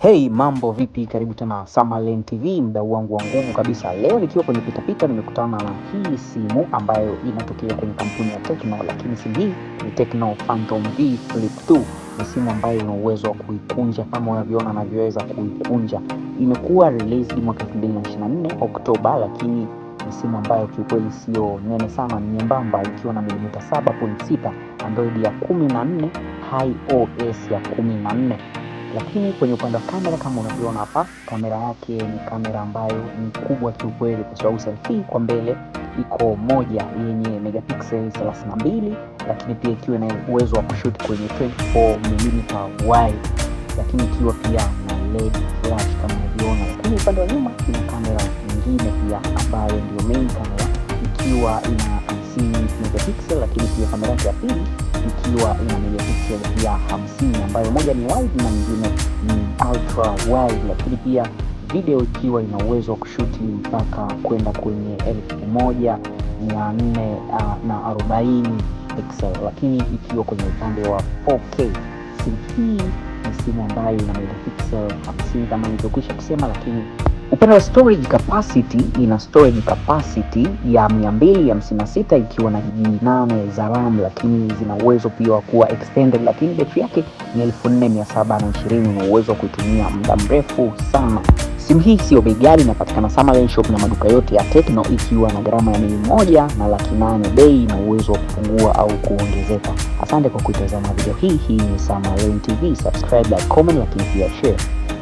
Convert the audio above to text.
Hey, mambo vipi? Karibu tena Samalen TV, mdau wangu wa nguvu kabisa. Leo nikiwa kwenye pitapita nimekutana na hii simu ambayo inatokea kwenye kampuni ya Tecno, lakini simu hii ni Tecno Phantom V Flip 2. Ni simu ambayo ina uwezo wa kuikunja kama unavyoona anavyoweza kuikunja. Imekuwa released mwaka 2024 Oktoba, lakini ni simu ambayo kiukweli sio nene sana, ni nyembamba ikiwa na milimita 7.6, Android ya 14, iOS ya 14. Lakini kwenye upande wa kamera, kama unavyoona hapa, kamera yake ni kamera ambayo ni kubwa kiukweli, kwa sababu selfie kwa mbele iko moja yenye megapixel 32, lakini pia ikiwa na uwezo wa kushoot kwenye 24mm wide, lakini ikiwa pia na LED flash kama unavyoona. Lakini upande wa nyuma ina kamera nyingine pia ambayo ndio main camera ikiwa ina 50 megapixel, lakini pia kamera ya pili ikiwa ina megapixel ya 50 ambayo moja ni wide na nyingine ni ultra wide, lakini pia video ikiwa ina uwezo wa kushuti mpaka kwenda kwenye elfu moja mia nne ah, na arobaini pixel, lakini ikiwa kwenye upande wa 4K simu hii ni simu ambayo ina megapixel 50 kama nilivyokwisha kusema, lakini Upande wa storage capacity ina storage capacity ya 256 ikiwa na GB 8 za RAM, lakini zina uwezo pia wa kuwa extended, lakini betri yake ni 4720 na uwezo wa kuitumia muda mrefu sana. Simu hii siyo bei ghali, inapatikana Summerlin Shop na maduka yote ya Tecno ikiwa na gharama ya milioni moja na laki nane bei na uwezo wa kupungua au kuongezeka. Asante kwa kuitazama video hii. Hii ni Summerlin TV, subscribe, like, comment, lakini pia share.